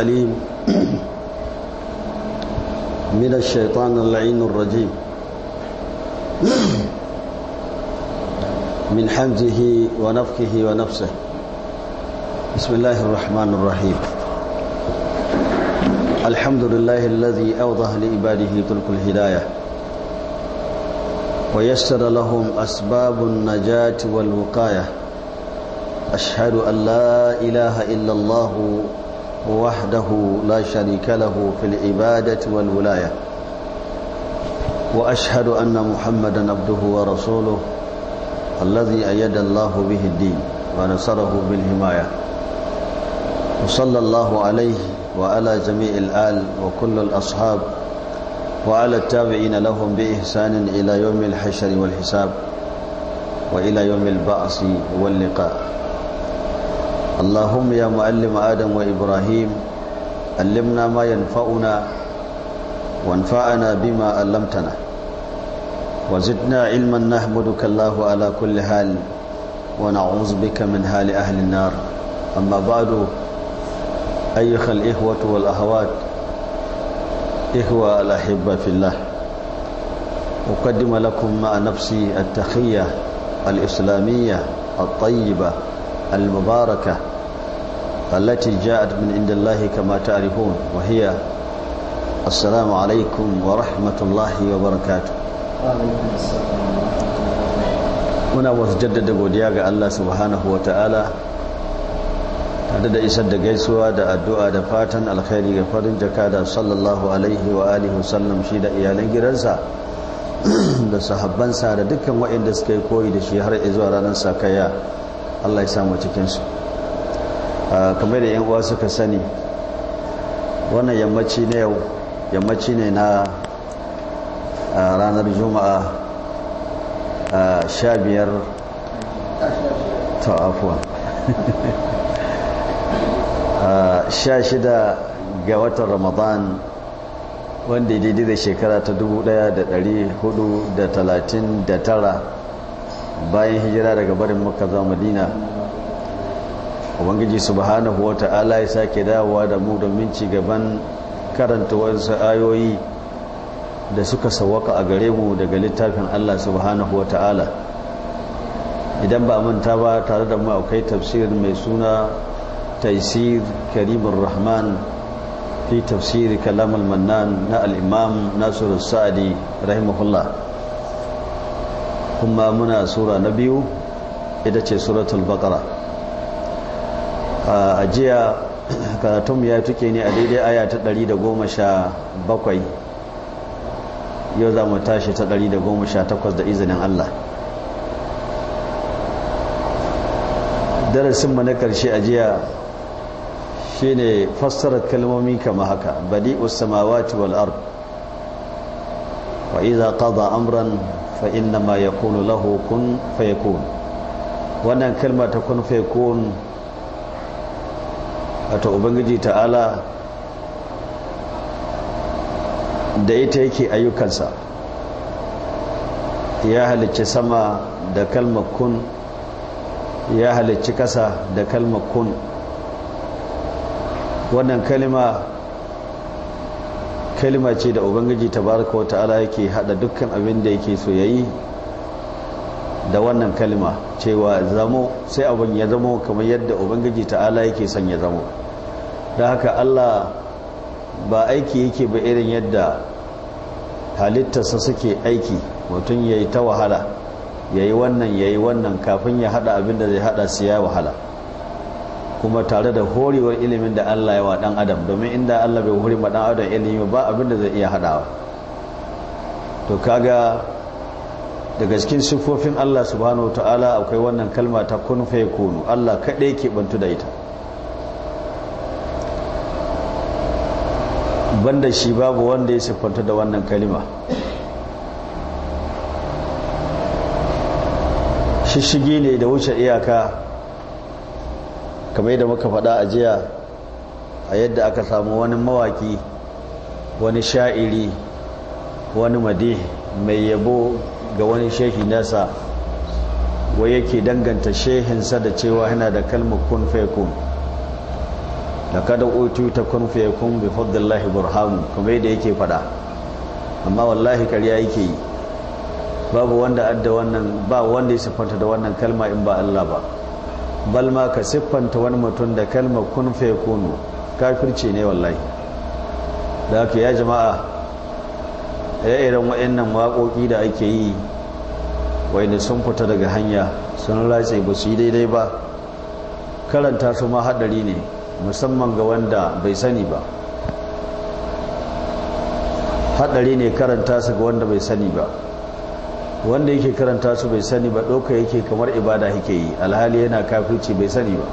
العليم من الشيطان اللعين الرجيم من حمده ونفخه ونفسه بسم الله الرحمن الرحيم الحمد لله الذي أوضح لعباده تلك الهداية ويسر لهم أسباب النجاة والوقاية أشهد أن لا إله إلا الله وحده لا شريك له في العبادة والولاية وأشهد أن محمدا عبده ورسوله الذي أيد الله به الدين ونصره بالهماية وصلى الله عليه وعلى جميع الآل وكل الأصحاب وعلى التابعين لهم بإحسان إلى يوم الحشر والحساب وإلى يوم البعث واللقاء اللهم يا معلم آدم وإبراهيم علمنا ما ينفعنا وانفعنا بما علمتنا وزدنا علما نحمدك الله على كل حال ونعوذ بك من حال أهل النار أما بعد أيها الإخوة والأخوات إخوة الأحبة في الله أقدم لكم مع نفسي التخية الإسلامية الطيبة المباركة التي جاءت من عند الله كما تعرفون وهي السلام عليكم ورحمة الله وبركاته muna masu jaddada godiya ga Allah subhanahu wa ta'ala tare da isar da gaisuwa da addu'a da fatan alkhairi ga farin jaka da sallallahu alaihi wa alihi wasallam shi da iyalan gidansa da sahabban sa da dukkan waɗanda suka yi koyi da shi har izuwa ranar sakaya Allah ya samu cikinsu Ah, kamar da yan uwa suka sani wannan yammaci ne yau yammaci ne na ah, ranar juma'a ah, sha biyar ta sha shida ga watan ramadan wanda daidai da shekara ta dubu da da da hudu talatin tara bayan hijira daga barin maka madina ubangiji subhanahu wa ta'ala ya sake dawowa da mu domin ci gaban karanta wasu ayoyi da suka sawaka a gare mu daga littafin Allah subhanahu wa ta'ala idan ba manta ba tare da mu kai tafsirin mai suna taisir karimin rahman fi tafsiri kalam al-mannan na al'imam imam nasiru sa'adi rahimahullah kuma muna sura na biyu ita ce suratul baqara a jiya karatun ya tuke ne a daidai aya ta 117 yau za mu tashi ta 118 da izinin Allah mu na karshe a jiya shi ne fassarar kalmomi kama haka badi Usama wal wal'ar wa iza qada amran fa inna ma yaqulu lahu kun wannan kalmata ta kun fayakun wato ubangiji ta'ala da ita yake ayyukansa ya halicci sama da kalmar kun ya halicci kasa da kalmar kun wannan kalima kalima ce da ubangiji tabaraka wa ta'ala yake hada dukkan abin da yake so yayi da wannan kalima cewa zamo sai abin ya zamo kamar yadda ubangiji ta'ala yake son ya zamo da haka Allah ba aiki yake ba irin yadda halittarsa suke aiki mutum ya yi ta wahala ya yi wannan ya yi wannan kafin ya hada abin da zai hada su ya wahala kuma tare da horewar ilimin da Allah ya wa dan adam domin inda Allah bai hori ma dan adam ilimi ba abin da zai iya hadawa to kaga daga cikin siffofin Allah subhanahu wataala akwai wannan kalma ta kun kunu Allah kaɗai ke bantu da ita banda shi babu wanda ya siffanta da wannan kalima shishigi ne da wuce iyaka kamar da muka faɗa a jiya a yadda aka samu wani mawaki wani sha'iri wani made mai yabo ga wani shehi nasa wai yake danganta shehinsa da cewa yana da kalmar kun otu ta kun fiye kun bi fadlillahi kuma yadda yake fada amma wallahi kariya yake yi babu wanda adda wannan ba wanda ya siffanta da wannan kalma in ba Allah ba bal ma ka siffanta wani mutum da kalma kun kunu yakunu kafirci ne wallahi da haka ya jama'a ya irin waɗannan waƙoƙi da ake yi wanda sun fita daga hanya sun ratse ba su yi daidai ba karanta su ma haɗari ne musamman ga wanda bai sani ba hadari ne karanta su ga wanda bai sani ba wanda yake karanta su bai sani ba ɗauka yake kamar ibada yake yi alhali yana kafirci bai sani ba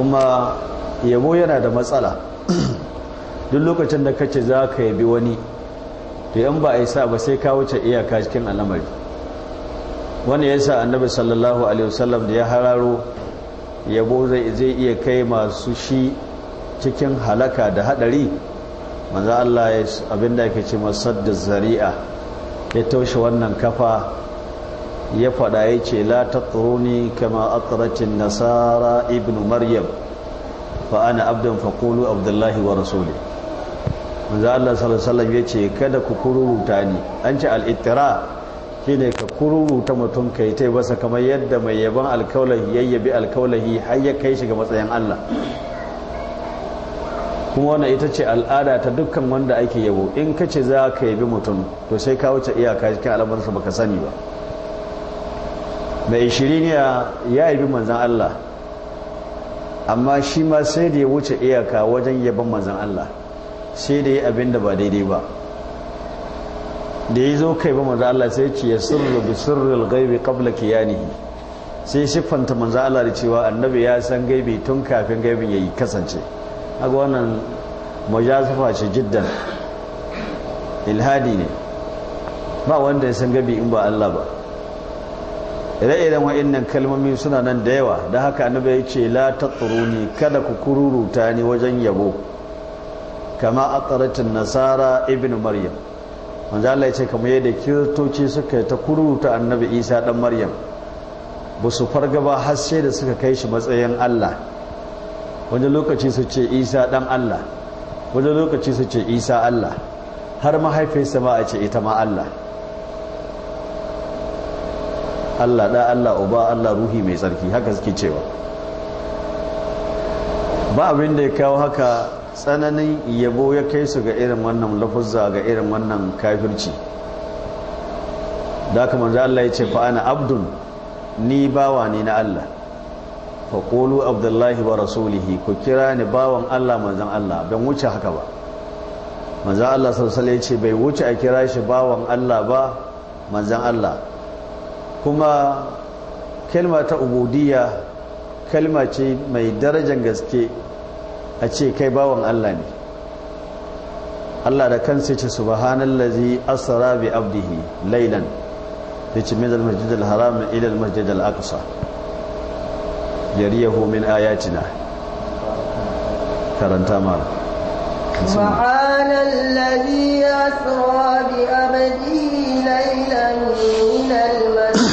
kuma yabo yana da matsala duk lokacin da kace za ka yabi wani to yan ba a yi sa ba sai ka wuce iyaka cikin al'amari wani ya sa annabi sallallahu alaihi wasallam da ya hararo yabo zai iya kai masu shi cikin halaka da hadari manzo Allah ya da yake ce masaddaz zari'a ya taushe wannan kafa ya fada ya ce la taqruni kama aqratin nasara ibnu maryam fa ana abdan faqulu abdullahi wa rasuli manzo Allah sallallahu alaihi wasallam ya ce kada ku kururuta ni an ce al-ittira' shine ka kururuta mutum ka yi taibasa kamar yadda mai yaban alkaulahi yayyabi alkaulahi har ya kai shi ga matsayin Allah kuma wannan ita ce al'ada ta dukkan wanda ake yabo in ka ce za ka yabi mutum to sai ka wuce iyaka cikin al'amarsa baka sani ba mai shiriniya ya yabi manzan Allah amma shi ma sai da ya wuce iyaka wajen yabon manzan Allah sai da yi abin da ba daidai ba da ya zo kai ba manzo Allah sai ce ya sirru bi sirril kabla qabla qiyanihi sai siffanta manzo Allah da cewa annabi ya san gaibi tun kafin gaibin yayi kasance kaga wannan mujazafa ce jiddan ilhadi ne ba wanda ya san gaibi in ba Allah ba ire-iren wa'annan kalmomi suna nan da yawa da haka annabi ya ce la taquruni kada ku kururuta ni wajen yabo kama a tsaratin nasara ibn maryam manzo Allah ya ce kamar yadda kiristoci suka ta kuruta annabi Isa dan Maryam ba su farga ba har sai da suka kai shi matsayin Allah wani lokaci su ce Isa dan Allah wani lokaci su ce Isa Allah har mahaifinsa ba a ce ita ma Allah Allah da Allah uba Allah ruhi mai tsarki haka suke cewa ba abin da ya kawo haka tsananin yabo ya kai su ga irin wannan lafuzza ga irin wannan kafirci da kamar manzo Allah ya ce fa ana abdun ni bawa ne na Allah fa abdullahi wa rasulihi ku kira ni bawan Allah manzan Allah ban wuce haka ba manzan Allah sallallahu alaihi ya ce bai wuce a kira shi bawan Allah ba manzan Allah kuma kalma ta ubudiyya kalma ce mai darajar gaske a ce kai bawan Allah ne Allah da kansa ce subhanallazi asra bi abdihi laylan yace min al-masjid al-haram ila al-masjid al-aqsa yariyahu min ayatina karanta ma. mara سبحان bi أسرى بأبدي ليلا من المسجد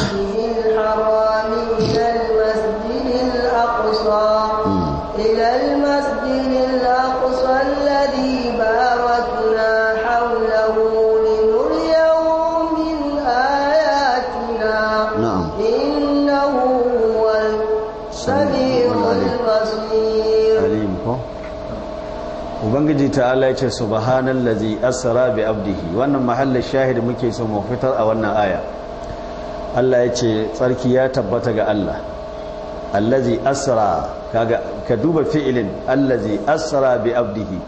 ta'ala ya ce lazi asara bi abdihi wannan mahallin shahid muke son mu fitar a wannan aya Allah ya ce tsarki ya tabbata ga Allah allazi asara kaga ka duba fi'ilin allazi asara bi abdihi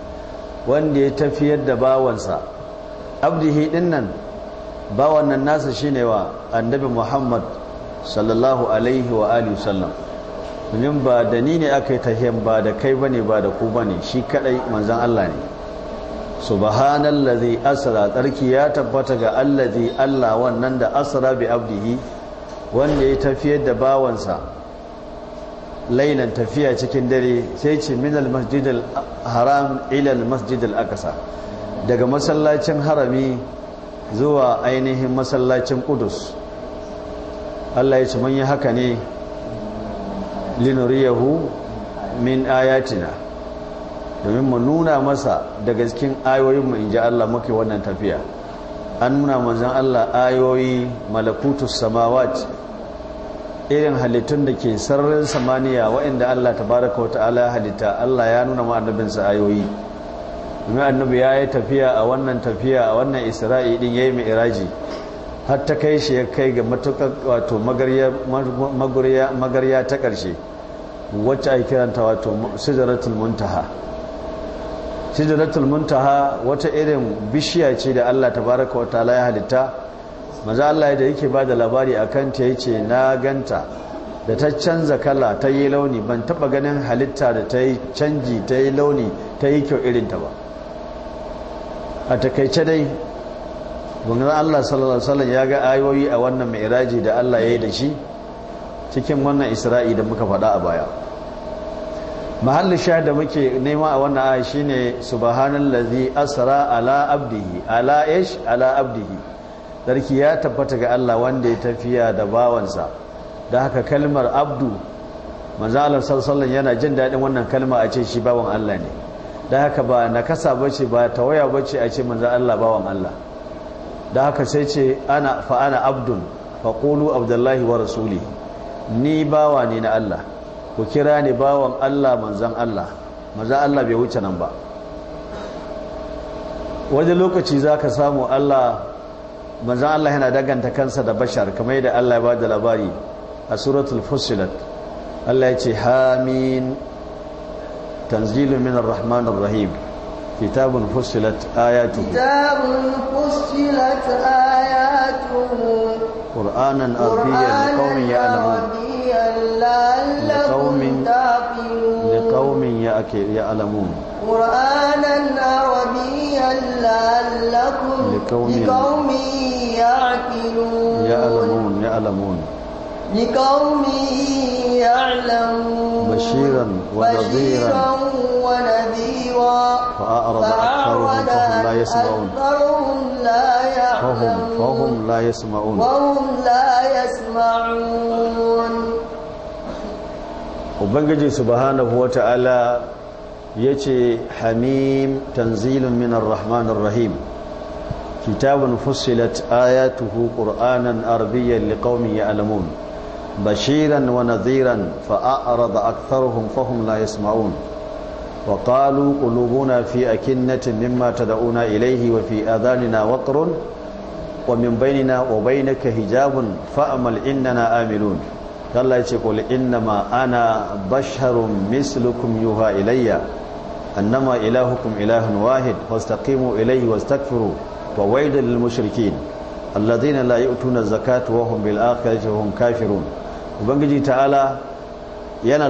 wanda ya tafiyar da bawansa abdihi dinnan bawan nan nasa shine wa annabi Muhammad sallallahu alaihi wa alihi wasallam domin ba da ni ne aka yi tahiyan ba da kai ba ne ba da ku ne shi kaɗai manzon Allah ne subhanallazi asira tsarki ya tabbata ga allazi Allah wannan da asra bi abdihi wanda ya tafiyar da bawansa Lainan tafiya cikin dare sai ce minal masjidil haram ilal masjidil akasa daga masallacin harami zuwa ainihin masallacin kudus Allah ya ci manyan haka ne linuriyahu min ayatina domin mu nuna masa daga cikin ayoyinmu in ji Allah muke wannan tafiya an nuna manzan Allah ayoyi malakutus samawat irin halittun da ke sararin samaniya waɗanda Allah ta baraka wata'ala halitta Allah ya nuna ma annabinsa ayoyi domin annabi ya yi tafiya a wannan tafiya a wannan isra'i din ya yi mi'iraji har ta kai shi ya kai ga matuƙa wato magarya ta ƙarshe wacce ai kiranta wato sijaratul muntaha sijaratul muntaha wata irin bishiya ce da Allah tabaraka wa ta'ala ya halitta maza Allah da yake ba da labari akan ta yace na ganta da ta canza kala ta yi launi ban taba ganin halitta da ta yi canji ta yi launi ta yi kyau irin ta ba a takaice dai bangaren Allah sallallahu alaihi wasallam ya ga ayoyi a wannan iraji da Allah ya yi da shi cikin wannan Isra'i da muka faɗa a baya mahallin shahid da muke nema a wannan aya shine subhanallazi asra ala abdihi ala ish ala abdihi sarki ya tabbata ga Allah wanda ya tafiya da bawansa da haka kalmar abdu Allah sallallahu yana jin daɗin wannan kalma a ce shi bawan Allah ne da haka ba nakasa bace ba tawaya bace a ce manzo Allah bawan Allah da haka sai ce ana fa ana abdun fa abdullahi wa rasuli ni bawa ne na Allah ku kira ni bawan Allah manzan Allah manzan Allah bai wuce nan ba wajen lokaci za ka samu Allah manzan Allah yana daganta kansa da bashar kamar yadda Allah ya ba da labari a suratul fusilat Allah ya ce hamin tanzilu min rahman rahim kitabun fusilat ayatu kitabun fusilat ayatu فاتوا قرآنا عربيا لقوم يعلمون لقوم لقوم يعلمون قرآنا عربيا لعلكم لقوم يعقلون يعلمون يعلمون لقوم يعلمون بشيرا ونذيرا ونذيرا فأعرض أكثرهم فهم لا يسمعون فهم فهم لا يسمعون وهم لا يسمعون ubangiji subhanahu wata'ala yace hamim tanzilun minar rahmanir rahim kitabun fussilat ayatuhu qur'anan arabiyyan liqaumin alamun. bashiran wa naziran fa’ara da aktharuhun fahim la isma’un wa ƙalu ƙuluguna fi a kinnatin mimma ta da’una ilaihi wa fi a zanina waƙarun wa min bainina wa bainaka hijabun fa’amal inna amilun kalla ce ƙul inna ma ana basharun mislukum yuha ilayya annama ilahukum ilahun wahid wastaqimu ilayhi wastaghfiru wa waylan lil mushrikeen alladhina la yu'tuna az-zakata wa hum bil akhirati hum kafirun ubangiji ta'ala yana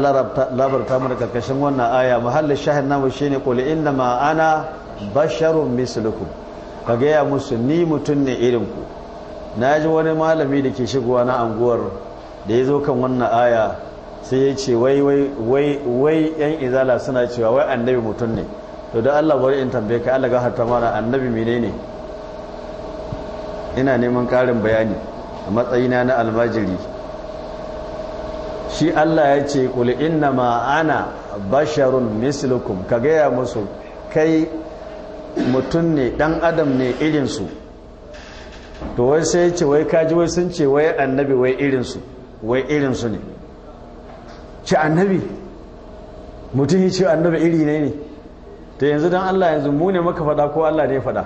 labarta mana karkashin wannan aya muhallin shahin namu shine qul inda ma ana basharun misuluku ka gaya musu ni mutum ne irin ku ji wani malami da ke shigowa na anguwar da ya zo kan wannan aya sai ya ce wai yan izala suna cewa wai annabi mutum ne to da Allah bari in tambaye ka Allah gafarta mana annabi menene ina neman karin bayani a matsayina na almajiri shi Allah ya ce ƙuli inna ma ana basharun mislukum ka gaya musu kai mutum ne dan adam ne irinsu to wai sai ce wai kaji wai sun ce wai annabi wai irinsu wai irinsu ne ci annabi mutum yi ci annabi iri ne ne ta yanzu don Allah yanzu mu ne muka faɗa ko Allah ne ya faɗa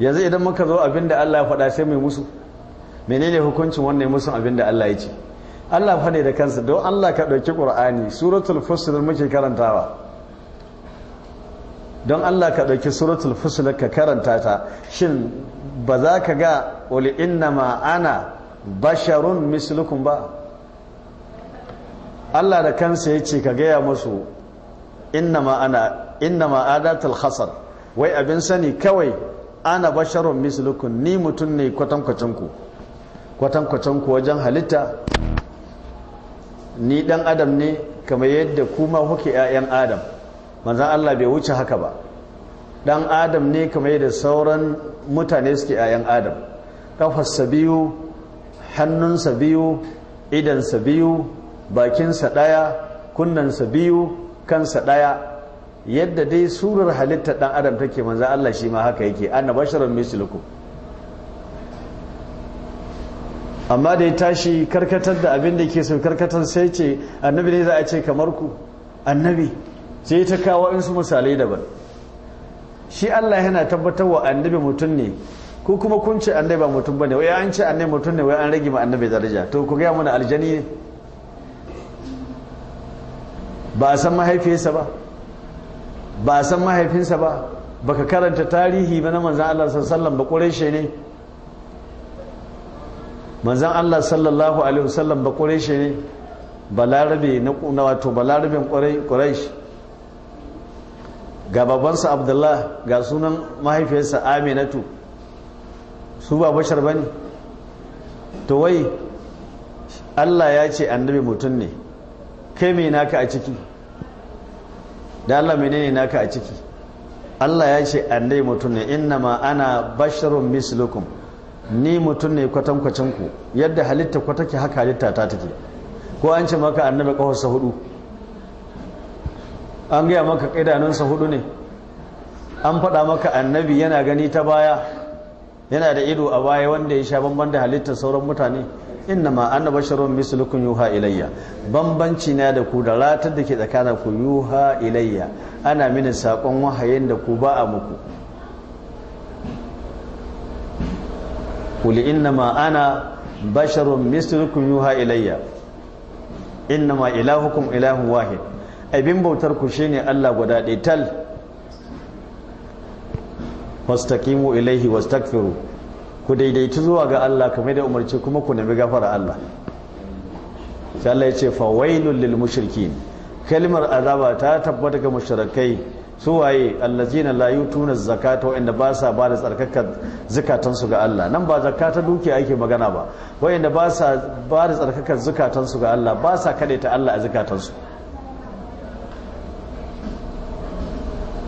yanzu idan muka zo abinda Allah ya faɗa sai mai musu menene hukuncin wannan musun abinda Allah ya ce Allah fa ne da kansa don Allah ka ɗauki ƙur'ani suratul fusl muke karantawa don Allah ka ɗauki suratul fusl ka karanta ta shin ba za ka ga wali inna ma ana basharun mislukum ba Allah da kansa yace ce ka gaya musu inna ma ana inna adatul khasar wai abin sani kawai ana basharun mislukum ni mutum ne kwatankwacin ku wajen halitta ni dan adam ne kamar yadda kuma kuke 'ya'yan adam manzan Allah bai wuce haka ba dan adam ne kamar yadda sauran mutane suke 'ya'yan adam kafarsa biyu hannunsa biyu idonsa biyu bakinsa ɗaya kunnansa biyu kansa ɗaya yadda dai surar halitta dan adam take manzan Allah shi ma haka yake annabasharar mislukum amma da ya tashi karkatar da abin da ke sun karkatar sai ce annabi ne za a ce kamar ku annabi sai ta kawo in su misalai daban shi Allah yana tabbatar wa annabi mutum ne ko kuma kun ce annabi ba mutum bane wai an ce annabi mutum ne wai an rage ma annabi daraja to ku ga mana aljani ne ba a san mahaifiyarsa ba ba a san mahaifinsa ba baka karanta tarihi ba na manzon Allah sallallahu alaihi wasallam ba shi ne manzan Allah sallallahu alaihi wasallam ba shi ne balarabe na ƙuna wato balarabin shi. ga babansa Abdullah ga sunan mahaifiyarsa Aminatu su ba bashar ba ne? to wai Allah ya ce annabi mutum ne kai me naka a ciki da Allah ne naka a ciki Allah ya ce annabi mutum ne ma ana basharun mislukum ni mutum ne kwatankwacin ku yadda halitta ku take haka halitta ta take ko an ce maka annabi sa hudu an gaya maka sa hudu ne an faɗa maka annabi yana gani ta baya yana da ido a baya wanda ya sha bambam da halittar sauran mutane inna ma anna basharun mislukun yuha ilayya bambanci na da ku da ratar da ke tsakanin ku yuha ilayya ana mini sakon wahayin da ku ba a muku kuli innama ana basharun mislukum yuha ilayya innama ilahukum ilahun wahid abin bautar ku shine Allah guda ɗaya tal wastaqimu ilaihi wastaghfiru ku daidaitu zuwa ga Allah kamar da umarci kuma ku nemi gafara Allah sai Allah ya ce wailul lil mushrikin kalmar azaba ta tabbata ga mushrikai su waye na layu tuna zakata wa'anda ba sa ba da tsarkakar zukatansu ga Allah nan ba zakata dukiya ake magana ba wa'anda ba sa ba da tsarkakar zukatansu ga Allah ba sa ta Allah a zukatansu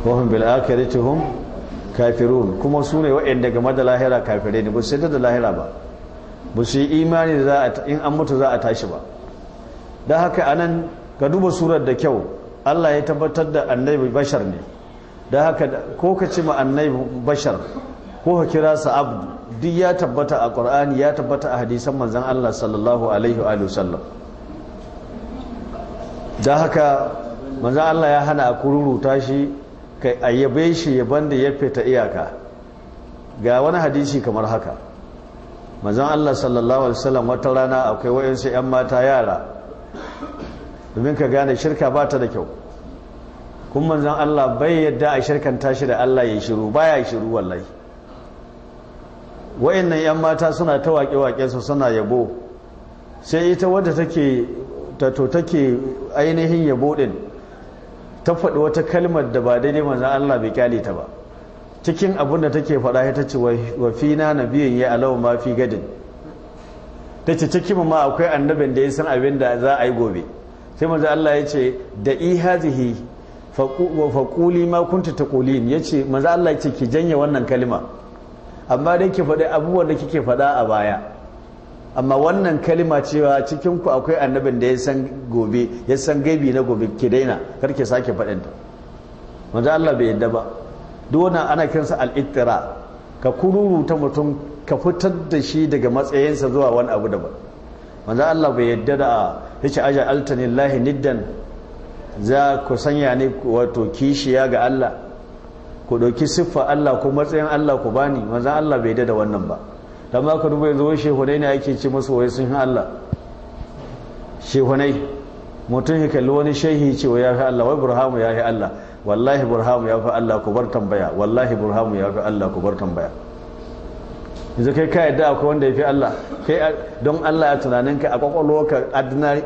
wahum bil akhiratihum kafirun kuma su ne wa'anda game da lahira kafirai ne ba su da lahira ba ba su yi imani da in an mutu za a tashi ba don haka anan ka duba surar da kyau Allah ya tabbatar da annabi bashar ne da haka ko ka ce ma annabi bashar ko ka kira sa abu duk ya tabbata a ƙur'ani ya tabbata a hadisan manzan Allah sallallahu alaihi wa sallam da haka manzan Allah ya hana a kururu tashi kai ayyabe shi yaban da ya ta iyaka ga wani hadisi kamar haka manzan Allah sallallahu alaihi sallam wata rana akwai wayansu yan mata yara domin ka gane shirka ba ta da kyau kuma manzan Allah bai yadda a shirkanta shi da Allah ya shiru ba baya shiru wallahi wayannan yan mata suna ta waƙe-waƙe su suna yabo sai ita wadda take tato take ainihin yabo din ta faɗi wata kalmar da ba daidai manzan Allah bai kyale ta ba cikin abin da take faɗa ita ce wa na biyun ya alawa ma fi gadin ce cikin ma akwai annabin da ya san abin da za a yi gobe sai manzan Allah ya ce da ihazihi faƙuli ma kunta ta ƙulin ya ce maza Allah ce ki janye wannan kalima amma dai ki faɗi abubuwan da kike faɗa a baya amma wannan kalima cewa cikin ku akwai annabin da ya san gobe ya san gaibi na gobe ki daina kar sake faɗin ta maza Allah bai yadda ba duk wannan ana kinsa al-ittira ka kururuta mutum ka fitar da shi daga matsayinsa zuwa wani abu daban maza Allah bai yadda da yace aja altanillahi niddan za ku sanya ne wato kishiya ga Allah ku ɗauki siffa Allah ko matsayin Allah ku bani Wanzan Allah bai da wannan ba don ba ka duba yanzu wani shehunai ne ake ci musu wai sun Allah shehunai mutum ya kalli wani shehi ce wa ya fi Allah wai burhamu ya fi Allah wallahi burhamu ya fi Allah ku bar tambaya wallahi burhamu ya fi Allah ku bar tambaya yanzu kai ka yadda akwai wanda ya fi Allah kai don Allah ya tunaninka a kwakwalwarka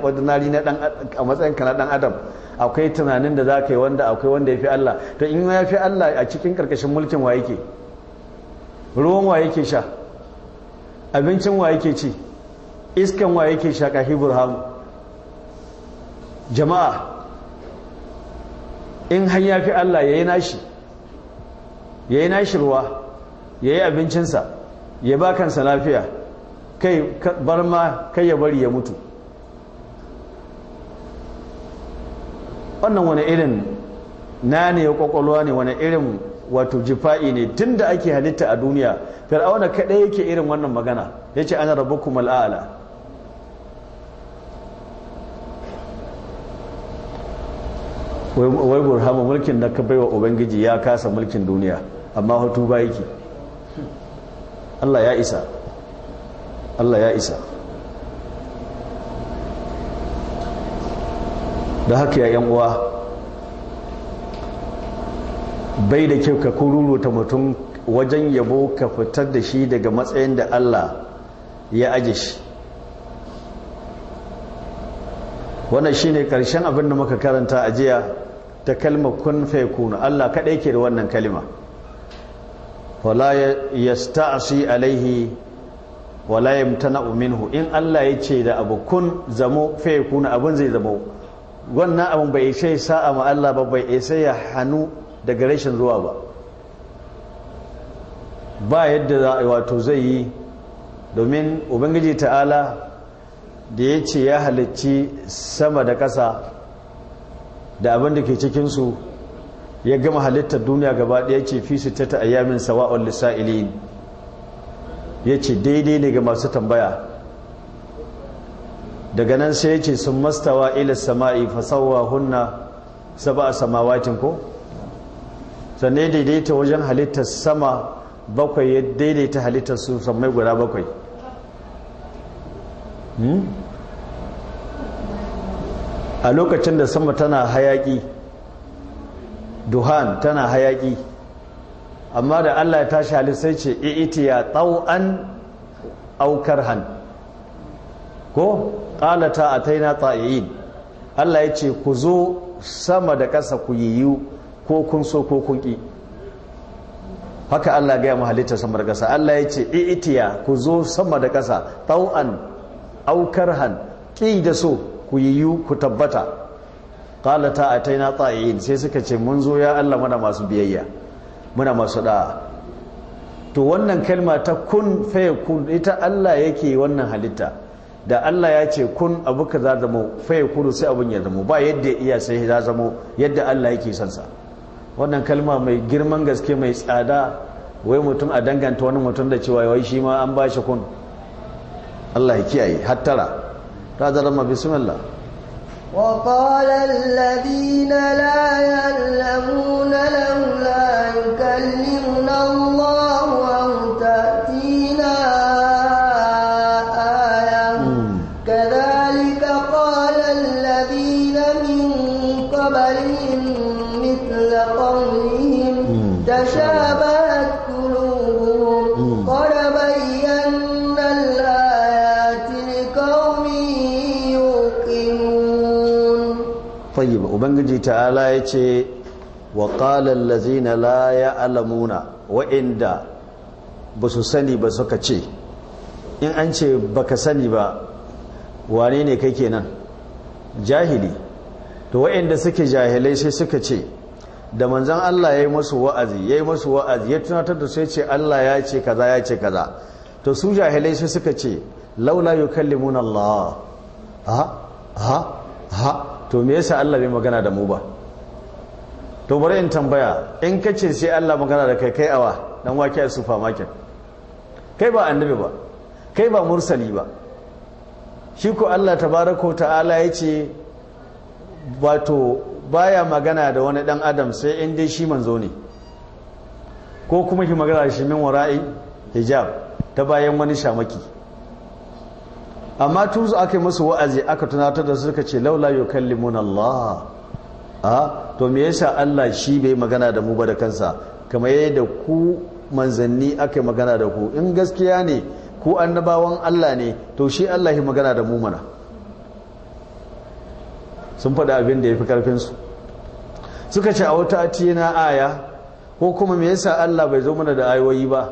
ordinary na dan a matsayinka na dan adam akwai tunanin da za ka yi wanda akwai wanda ya fi Allah ta in ya fi Allah a cikin karkashin mulkin wa yake ruwan wa yake sha abincin wa yake ci iskan wa yake sha kafi burhamu jama'a in har ya fi Allah ya yi nashi ya yi nashi ruwa ya yi abincinsa ya ba kansa lafiya kai bar ma kai ya bari ya mutu wannan wani irin na ne kwakwalwa ne wani irin wato jifa'i ne tun da ake halitta a duniya fir'auna kaɗai yake irin wannan magana ya ce ana rabu kuma al'ala wai burhama mulkin da ka wa ubangiji ya kasa mulkin duniya amma hutu ba yake Allah ya isa Allah ya isa da haka ya yan uwa bai da kyau ka kururuta mutum wajen yabo ka fitar da shi daga matsayin da Allah ya aje shi wannan shine karshen abin da muka karanta a jiya ta kalma kun fayakun Allah kadai ke da wannan kalima wala ya yasta'si alaihi wala mutana minhu in Allah ya ce da abu kun zamo fayakun abin zai zamo Gwanna abin bai ishe sa'a ma Allah ba bai isa ya hannu daga rashin zuwa ba ba yadda za a wato zai yi domin ubangiji ta'ala da ya ce ya halicci sama da ƙasa da abin da ke cikinsu ya gama halittar duniya gaba ɗaya ce fi su ta yamin sawa'on lissa'ilin ya ce daidai ne ga masu tambaya daga nan sai yace sun mastawa ila sama'i hunna sab'a samawatin ko sanne daidaita wajen halittar sama bakwai ya daidaita halittar su sammai guda bakwai hmm? a lokacin da sama tana hayaki duhan tana hayaki amma da Allah ya tashi halin sai ce ya tau'an aukar han ko qalata ataina ta'iin Allah ya ce ku zo sama da ƙasa ku yiyu ko kun so ko kun ki haka Allah ga mu halitta sama da ƙasa Allah ya ce i'tiya ku zo sama da ƙasa tau'an aukar karhan ƙi da so ku yiyu ku tabbata qalata ataina ta'iin sai suka ce mun zo ya Allah muna masu biyayya muna masu da to wannan kalma ta kun yakun ita Allah yake wannan halitta da Allah ya ce kun abu ka za zamo kudu sai abin ya zamo ba yadda ya iya sai ya zamo yadda Allah yake son wannan kalma mai girman gaske mai tsada wai mutum a danganta wani mutum da cewa yawai shi ma an ba shi kun Allah ya kiyaye hattara ta zama bismillah وقال الذين لا يعلمون لولا يكلمنا الله قبلهم تشابهت قلوبهم قد بينا الآيات لقوم يوقنون طيب وبنجي تعالى يتي وقال الذين لا يعلمون وإن basu sani ba suka ce in an ce baka sani ba jahili to waɗanda suke jahilai sai suka da manzan Allah ya yi masu wa'azi ya yi masu wa'azi ya tunatar da sai ce Allah ya ce kaza ya ce kaza to su jahilai su suka ce laula yukallimuna Allah ha ha ha to me yasa Allah bai magana da mu ba to bari in tambaya in kace sai Allah magana da kai kai awa dan wake a supermarket kai ba annabi ba kai ba mursali ba shi ko Allah tabaraka ta'ala ce wato baya magana da wani dan adam sai in dai shi manzo ne ko kuma shi magana shi min wara'i hijab ta bayan wani shamaki amma tun aka yi musu wa'azi aka tunatar da suka ce laula yukallimuna Allah a to me yasa Allah shi bai magana da mu ba da kansa kamar yadda ku manzanni aka magana da ku in gaskiya ne ku annabawan Allah ne to shi Allah ya magana da mu mana sun faɗa abin da ya fi ƙarfinsu suka ce a wata na aya ko kuma me yasa Allah bai zo mana da ayoyi ba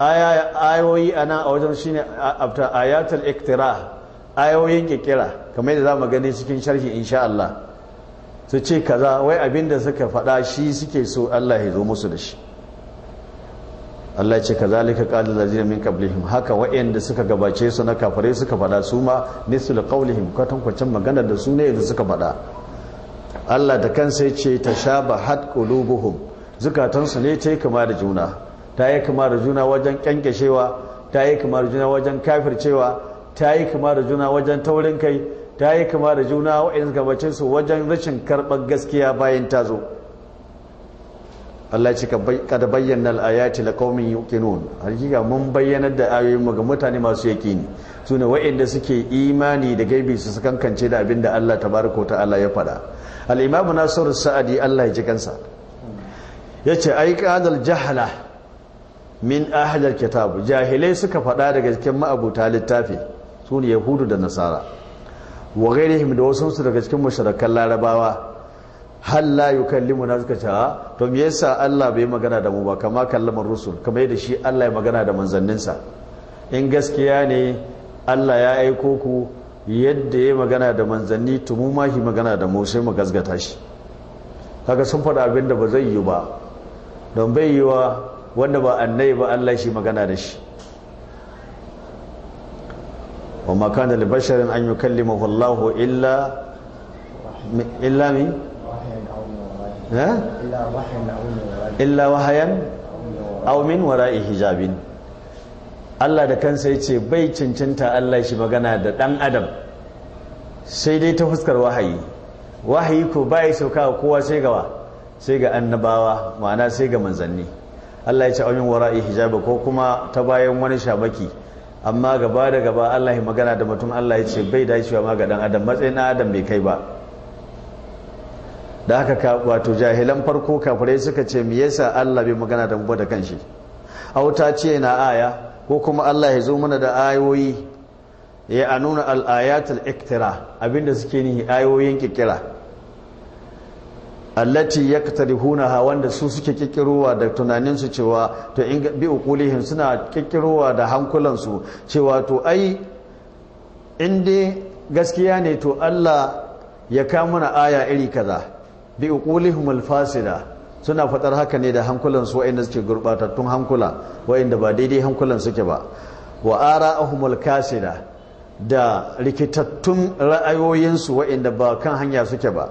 ayoyi a nan a wajen shi ne abta ayatul iktira ayoyin kekira kamar yadda za mu gani cikin sharhi insha Allah su ce kaza wai abin da suka faɗa shi suke so Allah ya zo musu da shi Allah ce ka zalika qala allazina min qablihim haka wayanda suka gabace su na kafare suka fada su ma nisul ƙaulihim kwatan kwacin magana da su ne da suka fada Allah da kansa ba tashabahat qulubuhum zukatansu ne ta yi kama da juna ta yi kama da juna wajen kyankyashewa ta yi kama da juna wajen kafircewa ta yi kama da juna wajen taurin kai ta yi kama da juna wa'anda suka gabace su wajen rashin karɓar gaskiya bayan ta zo Allah ya ce kada bayyana al-ayati qaumin yuqinun hakika mun bayyanar da ayoyin ga mutane masu yakini sune wa'inda suke imani da gaibi su kankance da abinda Allah tabaaraka ta'ala ya faɗa al-imamu nasir Sa'adi Allah ya ji kansa yace ai qadal jahala min ahli al-kitab jahilai suka faɗa daga cikin ma'abuta littafi su ne yahudu da nasara wa ghairihim da wasu daga cikin musharakan larabawa kalli mu na suka ce ah, to me yasa Allah bai magana da mu ba kama kallamar rusul kama yadda shi Allah ya magana da manzanninsa in gaskiya ne Allah ya aiko ku yadda ya magana da manzanni to mu ma shi magana da mu sai mu gasgata shi kaga sun faɗa abin da ba zai yi ba don bai yi wa wanda ba annai ba Allah shi magana da shi wa ma kana an yukallimahu Allah illa illa mi illa wahayan aumin wara'i hijabin Allah da kansa ya ce bai cancanta Allah shi magana da ɗan adam sai dai ta fuskar wahayi wahayi ko bai sauka kowa sai gawa sai ga annabawa ma'ana sai ga manzanni Allah ya ce aumin wara'i hijabi ko kuma ta bayan wani shabaki amma gaba da gaba Allah ya magana da mutum Allah ya ce bai dacewa ma ga ɗan adam matsayin adam bai kai ba da haka wato jahilan farko kafirai suka ce me yasa Allah bai magana da mu da kanshi auta ce na aya ko kuma Allah ya zo mana da ayoyi ya anuna al ayatul iktira abinda suke ni ayoyin kikira allati yaktarihunaha wanda su suke kikirowa da tunanin su cewa to in bi uqulihim suna kikirowa da hankulan su cewa to ai in dai gaskiya ne to Allah ya kawo mana aya iri kaza bi uqulihim alfasida suna fatar haka ne da hankulan su wa'anda suke gurbatattun hankula wa'anda ba daidai hankulan suke ba wa ara'ahum alkasida da rikitattun ra'ayoyin su ba kan hanya suke ba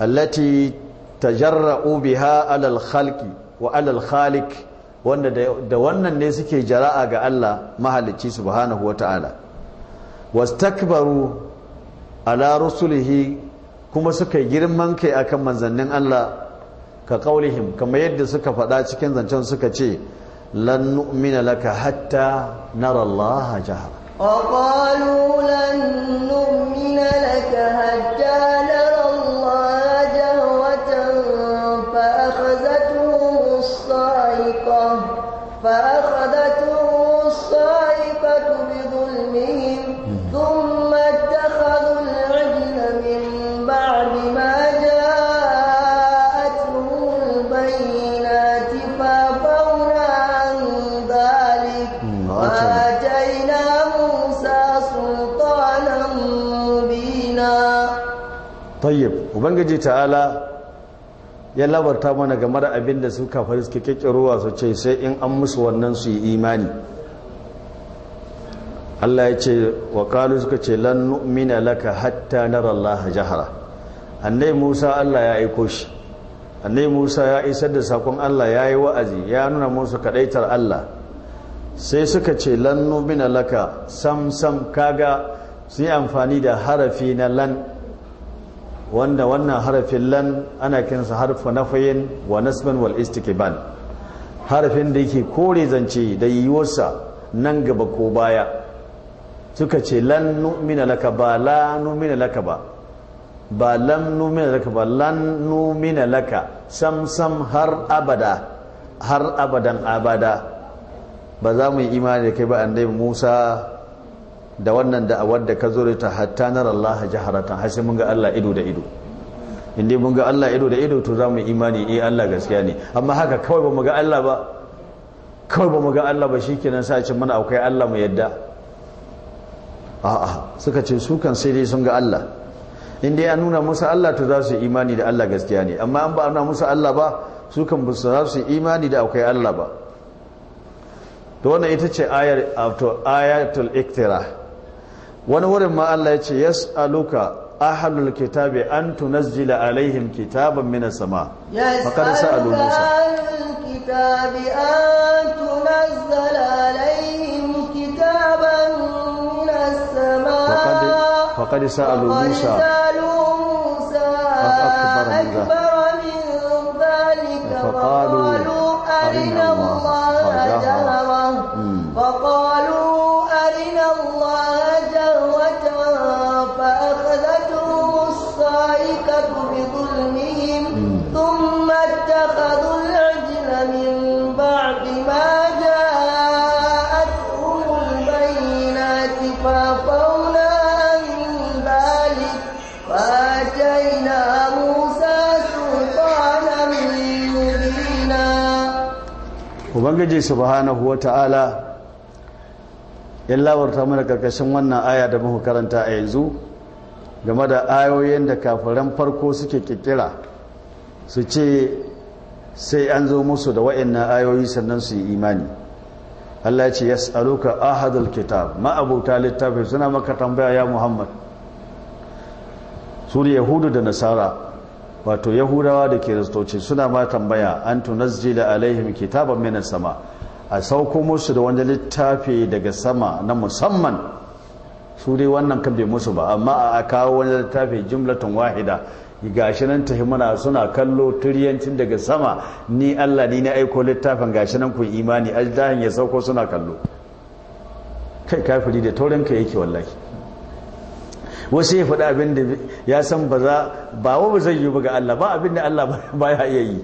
allati tajarra'u biha alal khalqi wa alal khaliq wanda da wannan ne suke jara'a ga Allah mahalicci subhanahu wata'ala wastakbaru ala rusulihi kuma suka girman kai akan manzannin Allah ka kaulihim kamar yadda suka faɗa cikin zancen suka ce lan nu'mina laka hatta nara Allah jahara وقالوا لن نؤمن لك حتى نرى الله جهوة فأخذتهم الصاعقة فأخذتهم الصاعقة بظلمهم ثم ubangiji ta'ala ya labarta mana game da abin da suka fari suke kekkirowa su ce sai in an musu wannan su yi imani Allah ya ce wa kalu suka ce lan nu'mina laka hatta nara Allah jahara annai Musa Allah ya aiko shi annai Musa ya isar da sakon Allah ya yi wa'azi ya nuna musu kadaitar Allah sai suka ce lan nu'mina laka sam sam kaga sun yi amfani da harafi na lan wanda wannan harafin lan ana kinsa harfa fayin wa nasban wal istiqbal harafin da yake kore zance da yiwuwarsa nan gaba ko baya suka ce lan nu'mina laka ba la nu'mina laka ba ba lan nu'mina laka ba lan nu'mina laka sam sam har abada har abadan abada ba za mu yi imani da kai ba dai Musa da wannan da'awar da ka zo ta hatta nar Allah jaharatan har sai mun ga Allah ido da ido indai mun ga Allah ido da ido to za mu imani eh Allah gaskiya ne amma haka kawai ba mu ga Allah ba kawai ba mu ga Allah ba shikenan sai ce mana akwai Allah mu yadda a'a suka ce su kan sai dai sun ga Allah indai an nuna musu Allah to za su imani da Allah gaskiya ne amma an ba nuna musu Allah ba su kan ba su za su imani da akwai Allah ba to wannan ita ce ayar ayatul iktira wani wurin ma Allah ya ce yas'aluka ahlul kitabi an tunazzila alaihim kitaban minas sama faqad sa'alu Musa kitabi an tunazzala alaihim kitaban minas sama faqad sa'alu Musa akbar ubangiji subhanahu wata'ala ya lawarta mana karkashin wannan aya da muka karanta a yanzu game da ayoyin da kafiran farko suke kikkira su ce sai an zo musu da wa'annan ayoyi sannan su yi imani Allah ce yas'aluka ahadul kitab ma abuta littafi suna maka tambaya ya Muhammad su yahudu da nasara wato yahudawa da kiristoci suna ma tambaya an da alaihim kitaban minas sama a sauko musu da wani littafi daga sama na musamman su dai wannan kan bai musu ba amma a kawo wani littafi jumlatun wahida gashi nan ta himana suna kallo turiyancin daga sama ni Allah ni na aiko littafin gashi nan ku imani ajdahin ya sauko suna kallo kai kafiri da taurinka yake wallaki. wasu ya faɗa abin da ya san ba za ba wa ba zai yi ba ga Allah ba abin da Allah ba ya iya yi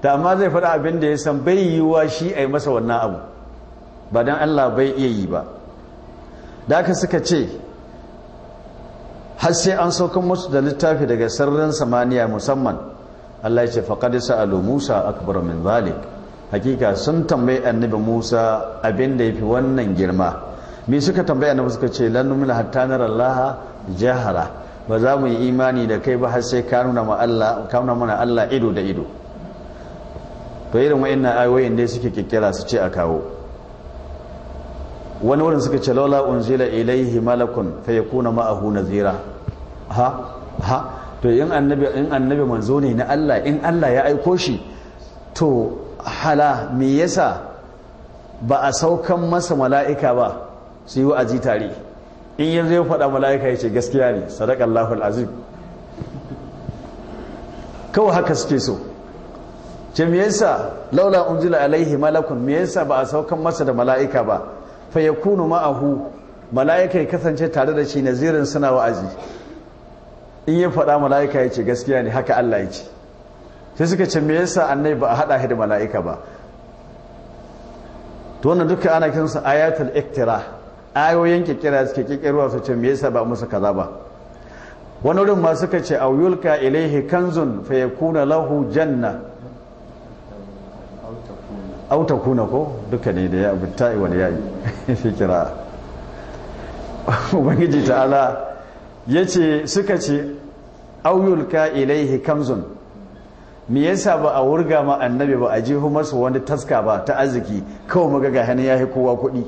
ta amma zai faɗa abin da ya san bai yiwuwa shi a yi masa wannan abu ba don Allah bai iya yi ba da aka suka ce har sai an saukan musu da littafi daga sararin samaniya musamman Allah ya ce faqad sa'alu Musa akbar min zalik hakika sun tambayi annabi Musa abin da fi wannan girma me suka tambaya na suka ce lannu mila hatta Allah jahara ba za mu yi imani da kai ba har sai ka nuna mana Allah ido da ido to irin wa'annan ayoyin dai suke kikkira su ce a kawo wani wurin suka ce laula unzila ilaihi malakun fa yakuna ma'ahu nazira ha ha to in annabi in manzo ne na Allah in Allah ya aiko shi to hala me yasa ba a saukan masa mala'ika ba su yi wa'azi tare in yanzu ya faɗa mala'ika ya ce gaskiya ne sadaka Allahul azim kawai haka suke so ce laula unzila alaihi malakun me yasa ba a saukan masa da mala'ika ba fa yakunu ma'ahu mala'ika ya kasance tare da shi nazirin suna wa'azi in ya faɗa mala'ika ya ce gaskiya ne haka Allah ya ce sai suka ce me yasa annai ba a haɗa shi da mala'ika ba to wannan duka ana kinsa ayatul iktira ayoyin kikira suke kikirwa su ce me yasa ba musu kaza ba wani wurin ma suka ce a yulka ilaihi kanzun fa yakuna lahu janna au takuna ko duka ne da ya bitai wani ya yi. kira ubangiji ta'ala ce suka ce au yulka ilaihi kanzun me yasa ba a wurga ma annabi ba a jihu masu wani taska ba ta arziki kawai magaga hannun hi kowa kuɗi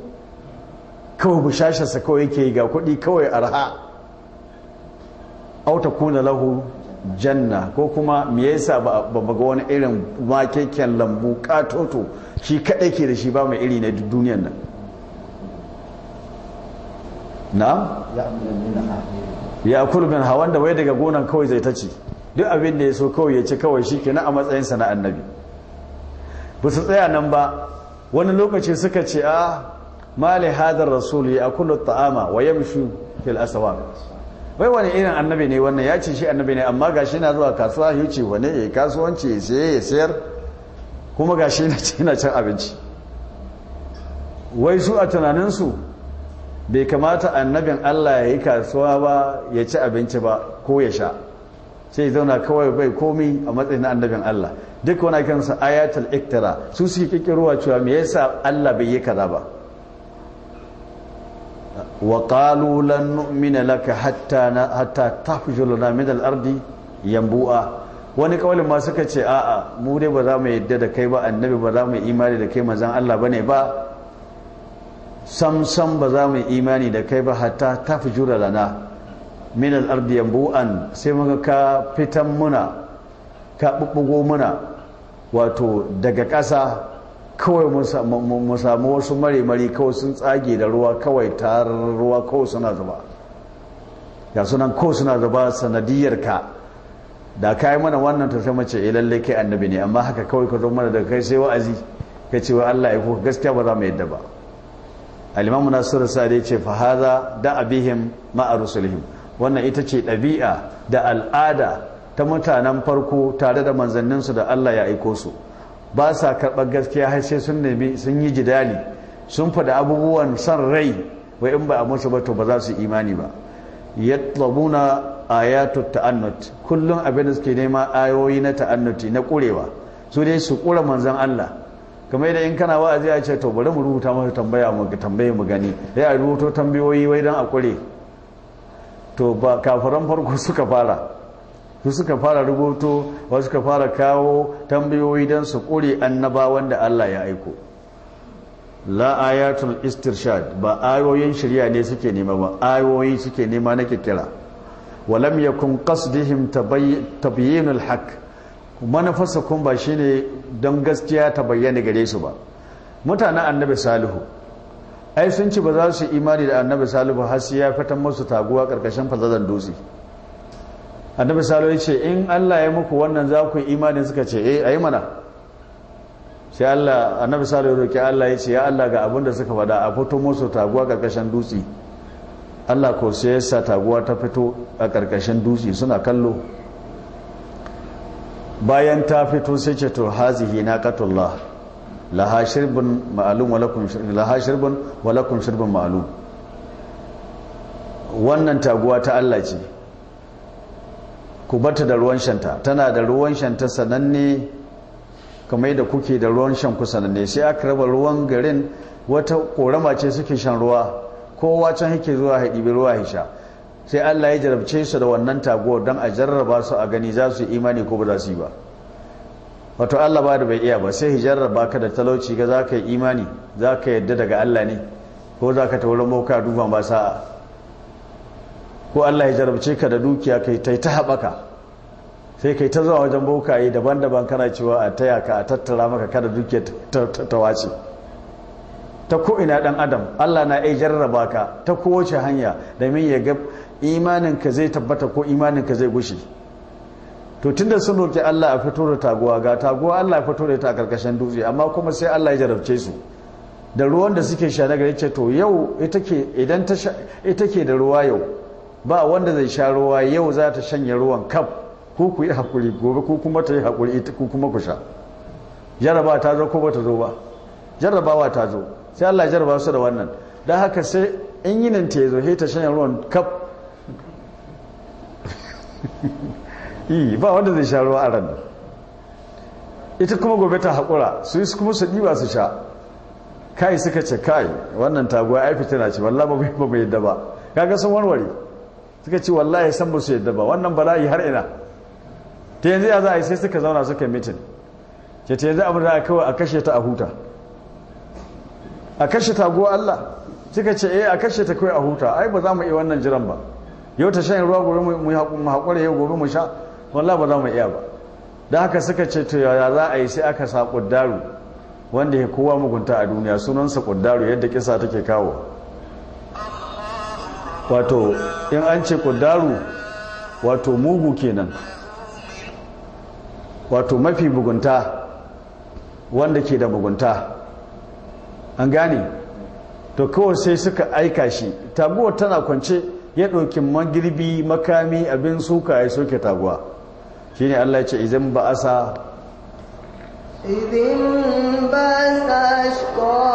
kawai bushasharsa kawai yake ga kuɗi kawai arha auta kuna lahu janna ko kuma me yasa ba ba ga wani irin makeken lambu katoto shi kadai ke da shi ba mai iri na duniyar nan na ya kurbin hawan da wai daga gonan kawai zai ta ci duk abin da ya so kawai ya ci kawai shi ke na a matsayinsa na annabi ba su tsaya nan ba wani lokaci suka ce a ah, ma li hadar rasul ya akulu ta'ama wa yamshu fil aswaq bai wani irin annabi ne wannan ya ce shi annabi ne amma gashi na zuwa kasuwa ya ce wani ya kasuwanci ya ya sayar kuma gashi na ce na cin abinci wai su a tunaninsu bai kamata annabin Allah ya yi kasuwa ba ya ci abinci ba ko ya sha sai zauna kawai bai komi a matsayin annabin Allah duk wani kansa ayatul iktira su su yi cewa me yasa Allah bai yi kaza ba وقالوا لن نؤمن لك حتى hatta na hatta tafjuluna min al-ardi yanbu'a wani kawalin ma suka ce a'a mu dai ba za mu yadda da kai ba annabi ba za mu imani da kai manzon Allah bane ba sam sam ba za mu imani da kai ba hatta tafjura lana min al-ardi yanbu'an sai muka ka fitan muna ka bubbugo muna wato daga ƙasa kawai mu samu wasu mare kawai sun tsage da ruwa kawai tarar ruwa kawai suna zuba ya sunan kawai suna zuba sanadiyar ka da ka yi mana wannan tafiya mace ilalle eh, kai annabi ne amma haka kawai ka zo mana daga kai sai wa'azi ka ce wa Allah ya kuka gaskiya ba za mu yadda ba alimamu nasiru sa'adai ce fahaza da abihim ma'arusulhim wannan ita ce ɗabi'a da al'ada ta mutanen farko tare da manzanninsu da Allah ya aiko su ba sa karɓar gaskiya har sai sun nemi sun yi jidali sun fada abubuwan san rai wa in ba a musu ba to ba za su imani ba Ya yatlabuna ayatu ta'annut kullum abin da suke nema ayoyi na ta'annuti na ƙurewa. su dai su ƙura manzan Allah kamar yadda in kana wa'azi a ce to bari mu rubuta masa tambaya mu tambaye mu gani sai a rubuto tambayoyi wai dan a kure to ba kafaran farko suka fara su suka fara rubuto wasu suka fara kawo tambayoyi don su ƙuri annaba wanda Allah ya aiko la ayatul istirshad ba ayoyin shirya ne suke nema ba ayoyi suke nema na kira walam yakun qasdihim tabyinul na fasa kun ba shine don gaskiya ta bayyana gare su ba mutanen annabi salihu ai sun ci ba za su imani da annabi salihu har sai ya fitan masu taguwa karkashin fazazan dutse annabi salo ya ce in Allah ya muku wannan za ku imanin suka ce e, a yi mana sai Allah annabi salo ya roƙi Allah ya ce ya Allah ga abinda da suka faɗa a fito musu taguwa karkashin dutse Allah ko sai ya sa taguwa ta fito a karkashin dutse suna kallo bayan ta fito sai ce to hazihi na laha lahashirbin ma'lum walakum shirbun laha walakum shirbin ma'lum wannan taguwa ta Allah ce ku bata da ruwan shanta tana da ruwan shanta sananne kamar da kuke da ruwan shanku sananne sai aka raba ruwan garin wata korama ce suke shan ruwa kowa can yake zuwa ya ɗibi ruwa ya sai Allah ya jarabce su da wannan tago don a jarraba su a gani za su imani ko ba za su yi ba wato Allah ba da bai iya ba sai jarraba ka da talauci ga za ka yi imani za ka yadda daga Allah ne ko za ka taurin mauka duba ba sa'a ko Allah ya jarabce ka da dukiya kai ta ta haɓaka sai kai ta zuwa wajen bokaye daban-daban kana cewa a taya ka a tattara maka kada dukiya ta wace ta ko ina dan adam Allah na iya jarraba ka ta kowace hanya domin ya ga imaninka zai tabbata ko imaninka zai gushi. to tunda sun roƙi Allah a fito da taguwa ga taguwa Allah ya fito da ta karkashin dutse amma kuma sai Allah ya jarabce su da ruwan da suke sha daga ce to yau idan ita ke da ruwa yau ba wanda zai sha ruwa yau za ta shanye ruwan kaf ku ku yi hakuri gobe ku kuma ta yi hakuri ita ku kuma ku sha jaraba ta zo ko ba ta zo ba jarabawa ta zo sai Allah jaraba su da wannan dan haka sai in nan ta zo sai ta shanye ruwan kaf yi ba wanda zai sha ruwa a ran ita kuma gobe ta hakura su yi kuma su diba su sha kai suka ce kai wannan taguwa ai fitina ce wallahi ba mu yadda ba kaga sun warware suka ce wallahi san ba su yadda ba wannan yi har ina ta yanzu ya za a yi sai suka zauna suka mitin ce ta yanzu abin da kawai a kashe ta a huta a kashe ta guwa Allah suka ce eh a kashe ta kawai a huta ai ba za mu iya wannan jiran ba yau ta shan ruwa gobe mu haƙura yau gobe mu sha wallahi ba za mu iya ba da haka suka ce to ya za a yi sai aka sa ƙuddaru wanda ya kowa mugunta a duniya sunansa ƙuddaru yadda kisa take kawo wato in an ce ku daru wato mugu kenan wato mafi bugunta wanda ke da bugunta an gane to kawai sai suka aika shi taguwa tana kwance ya ɗauki magirbi makami abin suka ya soke taguwa shi ne allah ce izin ba asa izin ba asa shi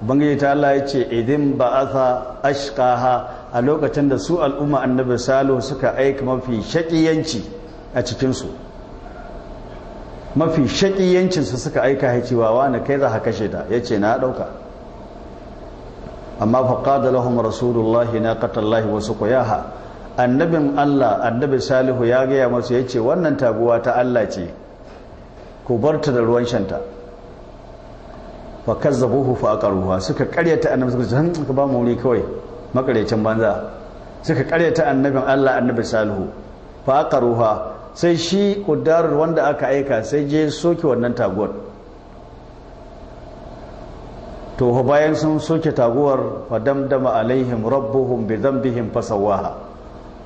Bangare ta Allah ya ce idin ba'atha ashqaha a lokacin da su al'umma annabi salo suka aika mafi shaƙiyanci a cikinsu mafi shaƙiyancinsu suka aika haici, wani kai za a kashe ta ya ce na ɗauka amma da lahum rasulullahi na lahi wasu kuyaha annabin Allah annabi salihu ya gaya masu ya ce wannan taguwa ta Allah ce ku barta da ruwan shanta fa kazzabuhu fa aqaruha suka karyata annabi suka san ka ba mu wuri kawai makaryacin banza suka karyata annabin Allah annabi salihu fa aqaruha sai shi ƙudarar wanda aka aika sai je soke wannan taguwar to bayan sun soke taguwar fa damdama alaihim rabbuhum bi dhanbihim fasawaha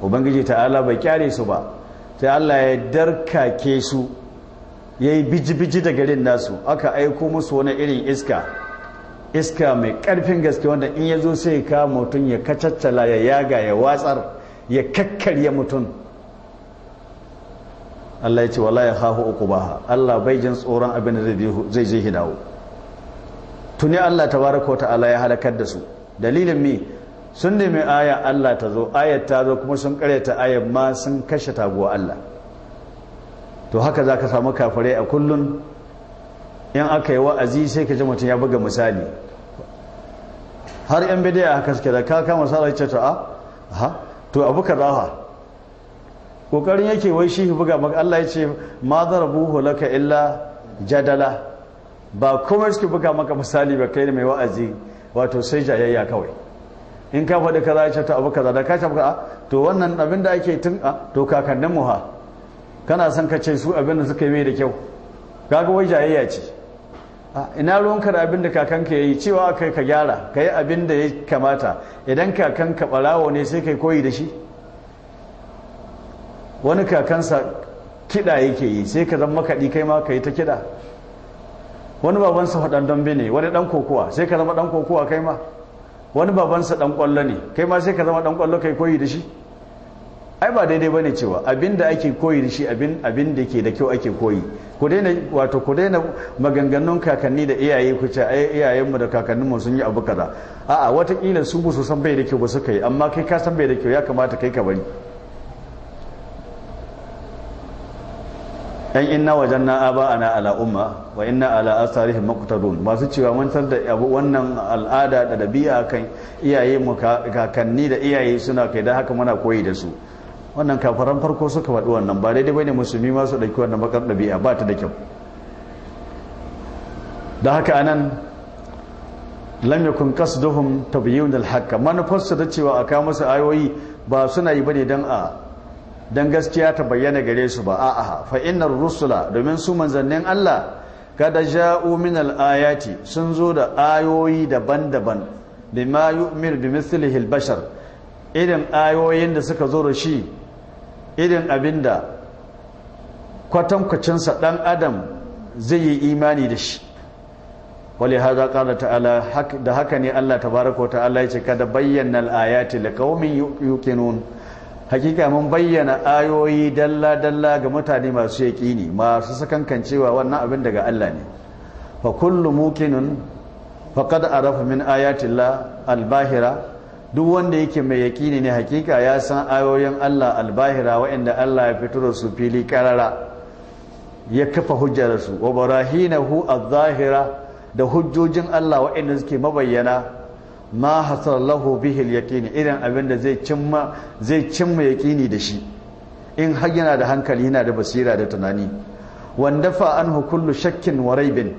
ubangiji ta'ala bai kyare su ba sai Allah ya darkake su ya yi biji-biji da garin nasu aka aiko musu wani irin iska iska mai karfin gaske wanda in ya zo sai ka mutum ya kacaccala ya yaga ya watsar ya kakkarya mutum Allah ya ce wala ya hahu uku ba Allah bai jin tsoron abin da zai je hidawo tuni Allah tabaraka wa ta'ala ya halakar da su dalilin mi sun nemi aya Allah ta zo ayat ta zo kuma sun karyata ayat ma sun kashe taguwa Allah to haka za ka samu kafirai a kullun in aka yi wa'azi sai ka ji mutum ya buga misali har yan bidiya haka suke da kaka kama sa ce to ah, a to abu ka zaha kokarin yake wai shi buga maka Allah ya ce ma zarabuhu laka illa jadala ba kuma suke buga maka misali ba kai mai wa'azi wato sai jayayya kawai in ka faɗi kaza ya ta to abu kaza da ka ce ah, to wannan abin da ake tun a ah, to kakannin mu ha kana son ka ce su abin da suka yi mai da kyau kaga wai jayayya ce ina ka da abin da kakanka ka yi cewa kai ka gyara ka yi abin da ya kamata idan kakanka ɓarawo ne sai kai koyi da shi wani kakansa kiɗa yake yi sai ka zama kaɗi kai ma ka yi ta kiɗa wani babansa faɗan dambe ne wani ɗan kokowa sai ka zama ɗan kokowa kai ma wani babansa ɗan ƙwallo ne kai ma sai ka zama ɗan ƙwallo kai koyi da shi ai ba daidai bane cewa abin da ake koyi da shi abin abin da ke da kyau ake koyi ku daina wato ku daina maganganun kakanni da iyaye ku ce ai iyayenmu da kakanninmu sun yi abu kaza a'a watakila su su san bai da kyau ba suka yi amma kai ka san bai da kyau ya kamata kai ka bari yan inna wajen na aba ana ala umma wa inna ala asarihim maqtadun masu cewa mun san da abu wannan al'ada da dabi'a kan iyaye mu kakanni da iyaye suna kai da haka muna koyi da su wannan kafaran farko suka faɗi wannan ba daidai bane musulmi ma su ɗauki wannan bakar ɗabi'a ba ta da kyau da haka anan lam yakun qasduhum tabyinul haqq manufarsu da cewa aka masa ayoyi ba suna yi bane dan a dan gaskiya ta bayyana gare su ba a'a fa innar rusula domin su manzannin Allah kada ja'u min al-ayati sun zo da ayoyi daban-daban bima yu'mir bi al-bashar irin ayoyin da suka zo da shi irin abin da kwatankwacinsa ɗan adam zai yi imani da shi wale haza ƙala ta'ala da haka ne Allah tabaraka ta'ala ya ce kada bayyana al'ayati la qaumin yuqinun hakika mun bayyana ayoyi dalla dalla ga mutane masu ne masu sakankancewa wannan abin daga Allah ne fa kullum muqinun fa kada a rafa min al albahira. duk wanda yake mai yaƙini ne hakika ya san ayoyin Allah albahira waɗanda Allah ya fito da su fili karara ya kafa hujjar su wa barahinahu az-zahira da hujjojin Allah waɗanda suke mabayyana ma hasallahu al yaqini idan abin da zai cimma zai cimma da shi in har yana da hankali yana da basira da tunani wanda fa anhu kullu shakkin wa raibin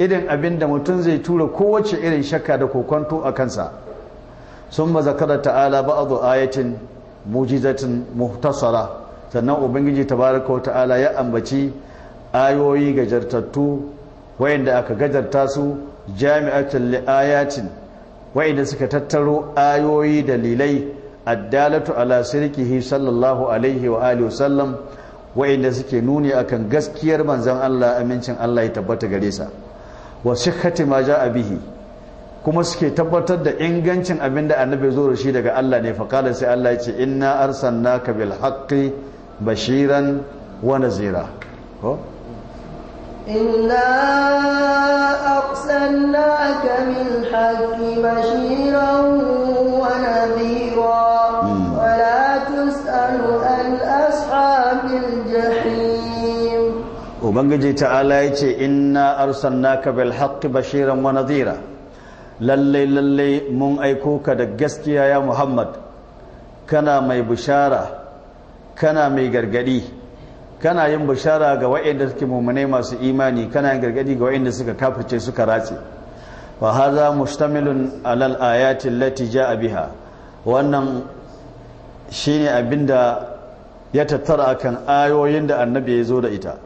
idan abin da mutum zai tura kowace irin shakka da kokonto a kansa Sun ta'ala ba a zo ayacin mujizatin muhtasara sannan ubangiji tabaraka wa ta'ala ya ambaci ayoyi gajartattu wayanda aka gajarta su jami'atul liayatin wayanda suka tattaro ayoyi dalilai addalatu ala sirkihi sallallahu alaihi wa alihi wasallam wayanda suke nuni akan gaskiyar manzon Allah amincin Allah ya tabbata gare sa wa sihhati ma ja'a bihi kuma suke tabbatar da ingancin abin da annabi zo da shi daga Allah ne faƙala sai Allah ya ce inna arsalnaka bil haqqi bashiran wa nazira ko inna arsalnaka bil haqqi bashiran wa nadhira hmm. wa la tus'alu an ashabil jahim ubangiji ta'ala yace inna arsalnaka bil haqqi bashiran wa nadhira lallai lallai mun aiko ka da gaskiya ya muhammad kana mai bishara kana mai gargadi kana yin bishara ga waɗanda suke mummune masu imani kana yin gargadi ga da suka kafirce suka ratse fa hadha mustamilun alal ayati allati jaa biha wannan shine abinda ya tattara akan ayoyin da annabi ya zo da ita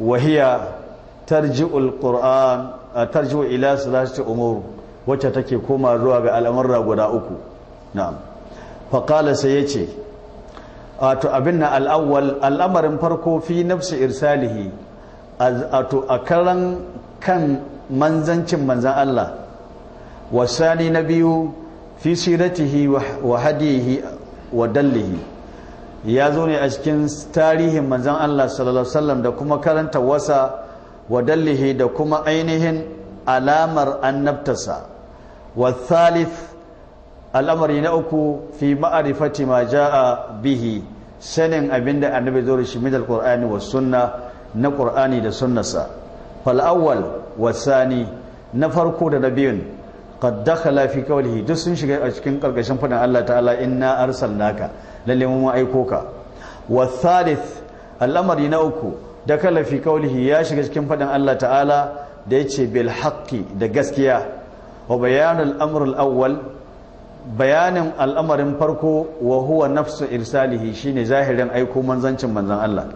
wahiya tarji'ul qur'an tarjiwa ila ci umuru wacce take koma zuwa ga al'amurra guda uku na'am faƙala sai ya ce, wato na al'awwal al'amarin farko fi nafsi irsalihi wato a karan kan manzancin manzan Allah wasani na biyu fi siratihi wa hadihi wa dallihi ya zo ne a cikin tarihin manzan Allah sallallahu alaihi wasallam da kuma karanta wasa wa da kuma ainihin alamar annabtarsa wa thalith al'amari na uku fi ma'arifati ma ja'a bihi sanin abinda annabi zo da shi min alqur'ani was na qur'ani da sunnasa. fal awwal wasani na farko da na biyun qad dakhala fi qawlihi duk sun shiga a cikin karkashin fadin Allah ta'ala inna na lalle mun aiko ka wa thalith al'amari na uku da kalafi kaulihi ya shiga cikin faɗin Allah ta'ala da ya ce bil haƙƙi da gaskiya wa bayanul amrul awwal bayanin al'amarin farko wa huwa nafsu irsalihi shine zahirin aiko manzancin manzan Allah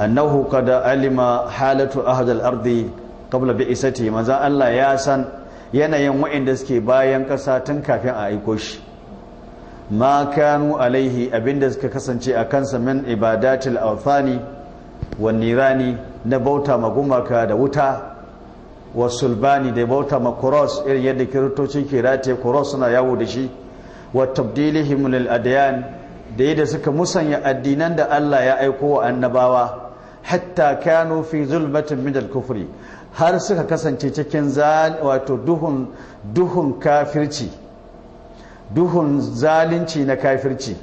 annahu kada alima halatu ahad al-ardi qabla bi'sati manzan Allah ya san yanayin wa'inda suke bayan ƙasa tun kafin a aiko shi ma kanu alaihi abinda suka kasance a kansa min ibadatil awthani rani na bauta ma gumaka da wuta wasulbani da bauta ma irin yadda kiristoci ke rataye kuros suna yawo da shi wa tabdilihim lil adiyan da yadda suka musanya addinan da Allah ya aiko wa annabawa hatta kano fi zulmatin midal har suka kasance cikin wato duhun duhun kafirci duhun zalunci na kafirci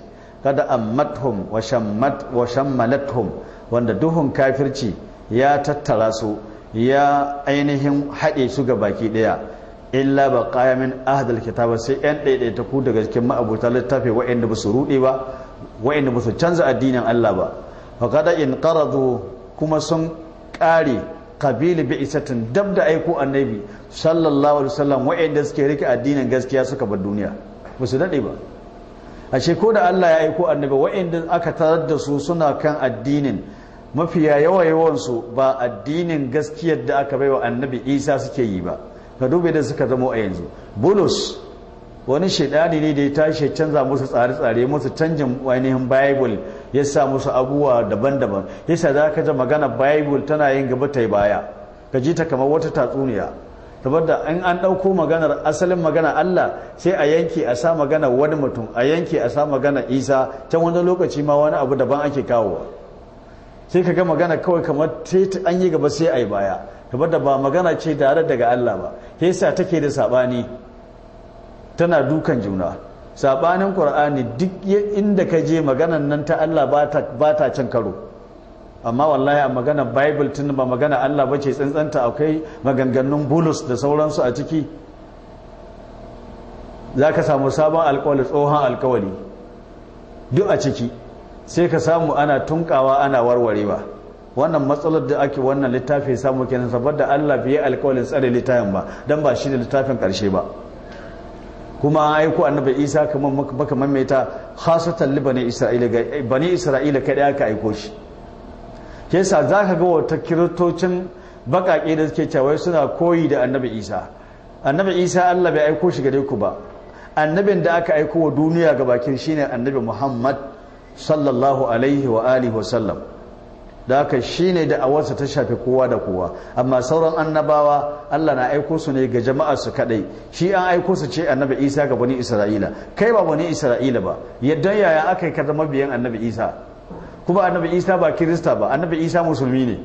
kada ammathum wa shammat wa shammalathum wanda duhun kafirci ya tattara su ya ainihin haɗe su ga baki ɗaya illa baqaya min ahadal kitaba sai yan daidaita ku daga cikin ma'abuta littafi wa'anda ba su ruɗe ba wa'anda ba su canza addinin Allah ba fa kada in qaradu kuma sun kare qabil bi dab da aiko annabi sallallahu alaihi wasallam wa'anda suke rike addinin gaskiya suka bar duniya ba su daɗe ba ashe ko da Allah ya aiko annabi wa'inda aka tarar da su suna kan addinin mafiya yawa yawan su ba addinin gaskiyar da aka baiwa annabi Isa suke yi ba ka dube da suka zama a yanzu bulus wani shaidani ne da ya tashi canza musu tsare-tsare musu canjin ainihin bible ya sa musu abubuwa daban-daban yasa za ka ji magana bible tana yin gaba ta baya ka ji ta kamar wata tatsuniya saboda in an ɗauko maganar asalin magana Allah sai a yanke a sa magana wani mutum a yanke a sa magana Isa can wani lokaci ma wani abu daban ake kawowa sai ka ga magana kawai kamar tete an yi gaba sai a yi baya saboda ba magana ce tare daga Allah ba yasa take da sabani tana dukan juna sabanin ƙur'ani duk inda ka je maganar nan ta Allah ba ta cin karo amma wallahi a magana bible tun ba magana Allah ba ce tsantsanta akwai maganganun bulus da sauransu a ciki Za ka samu sabon alkawali tsohon alkawali? duk a ciki sai ka samu ana tunkawa ana warwarewa wannan matsalar da ake wannan littafi samu kenan saboda Allah bai alkawalin tsare littafin ba dan ba shi da littafin ƙarshe ba kuma an aiko annabi Isa kamar baka mamaita khasatan libani Isra'ila bani Isra'ila kai aka aiko shi sa za ka ga wata kiristocin bakaƙe da suke cewa suna koyi da annabi isa annabi isa allah bai aiko shi gare ku ba annabin da aka aiko wa duniya ga bakin shine annabi muhammad sallallahu alaihi wa alihi wasallam da aka shine da awarsa ta shafi kowa da kowa amma sauran annabawa allah na aiko su ne ga jama'a su kadai shi an aiko su ce annabi isa ga wani isra'ila kai ba bani isra'ila ba yadda yaya aka yi ka zama biyan annabi isa kuma annabi isa ba kirista ba annabi isa musulmi ne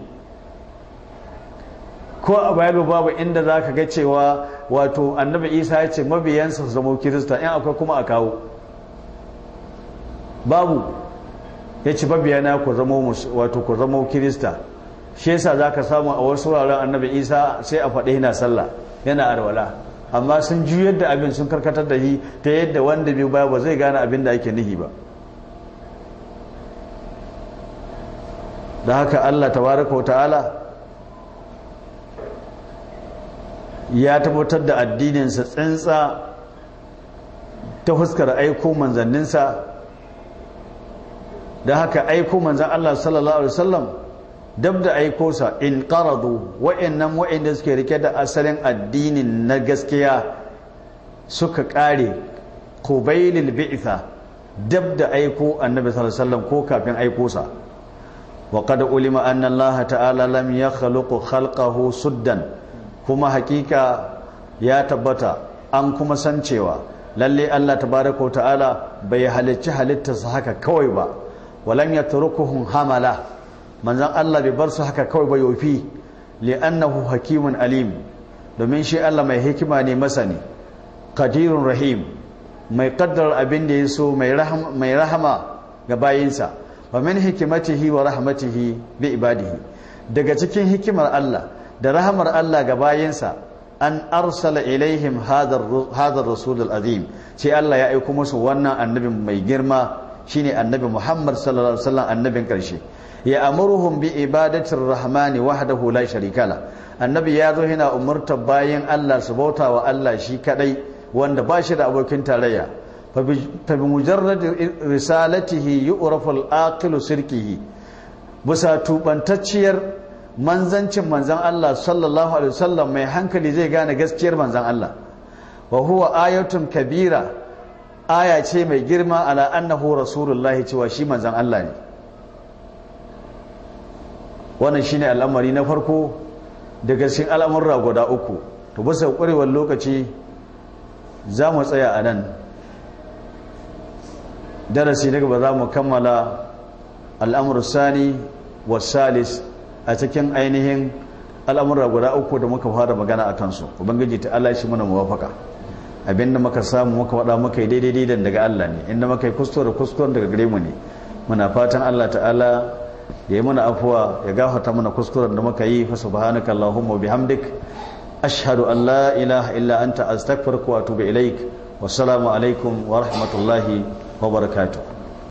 ko a bayan babu inda za ka ga cewa wato annabi isa ya ce mabiyansa su zama kirista in akwai kuma a kawo babu ya ci mabiyana ku zama wato ku zama kirista shi yasa za ka samu a wasu wuraren annabi isa sai a faɗi yana sallah yana arwala amma sun juyar da abin sun karkatar da shi ta yadda wanda bai ba zai gane abin da ake nihi ba da haka Allah tabaraka wa ta'ala ya tabbatar da addininsa tsantsa ta fuskar aiko manzanninsa da haka aiko manzan Allah sallallahu alaihi wasallam dab da aiko sa in qaradu wa'annan wa'anda suke rike da asalin addinin na gaskiya suka kare qubailil bi'isa dab da aiko annabi sallallahu alaihi wasallam ko kafin aiko sa وقد علم أن الله تعالى لم يخلق خلقه سدا كما حقيقة يا تبتا أن كما سنشيوا للي الله تبارك وتعالى بيهالي حلت صحك كويبا ولم يتركهم حملا من ذا الله ببر كويبا يوفي لأنه حكيم أليم domin shi Allah mai hikima ne masani qadirun rahim mai qaddar abin da yaso mai rahama mai rahama ga bayinsa wa min hikimatihi wa rahmatihi bi ibadihi daga cikin hikimar Allah da rahamar Allah ga bayansa an arsala ilaihim hadar rasul azim sai Allah ya aiko musu wannan annabin mai girma shine annabi Muhammad sallallahu alaihi wasallam annabin karshe ya amuruhum bi ibadatir rahmani wahdahu la sharika annabi ya zo yana umurtar bayan Allah su bauta wa Allah shi kadai wanda ba shi da abokin tarayya فبمجرد رسالته يعرف العاقل سركه بسا توبنتcciyar manzancin manzan Allah sallallahu alaihi wasallam mai hankali zai gane gaskiyar manzan Allah wa huwa ayatun kabira aya ce mai girma ala annahu rasulullahi cewa shi manzan Allah ne wannan shine al'amari na farko daga cikin al'amurra guda uku to bisa kwarewar lokaci za mu tsaya a nan darasi daga ba za mu kammala al'amur sani wa salis a cikin ainihin al'amurra guda uku da muka fara magana a kansu ubangiji ta Allah shi muna abin abinda muka samu muka wada muka yi daidai da daga Allah ne inda muka yi kuskure kuskure daga gare mu ne muna fatan Allah ta'ala ya yi muna afuwa ya gafata muna kuskuren da muka yi fa subhanaka allahumma bihamdik ashhadu an la ilaha illa anta astaghfiruka wa atubu ilaik wassalamu alaikum wa rahmatullahi wa barakatuh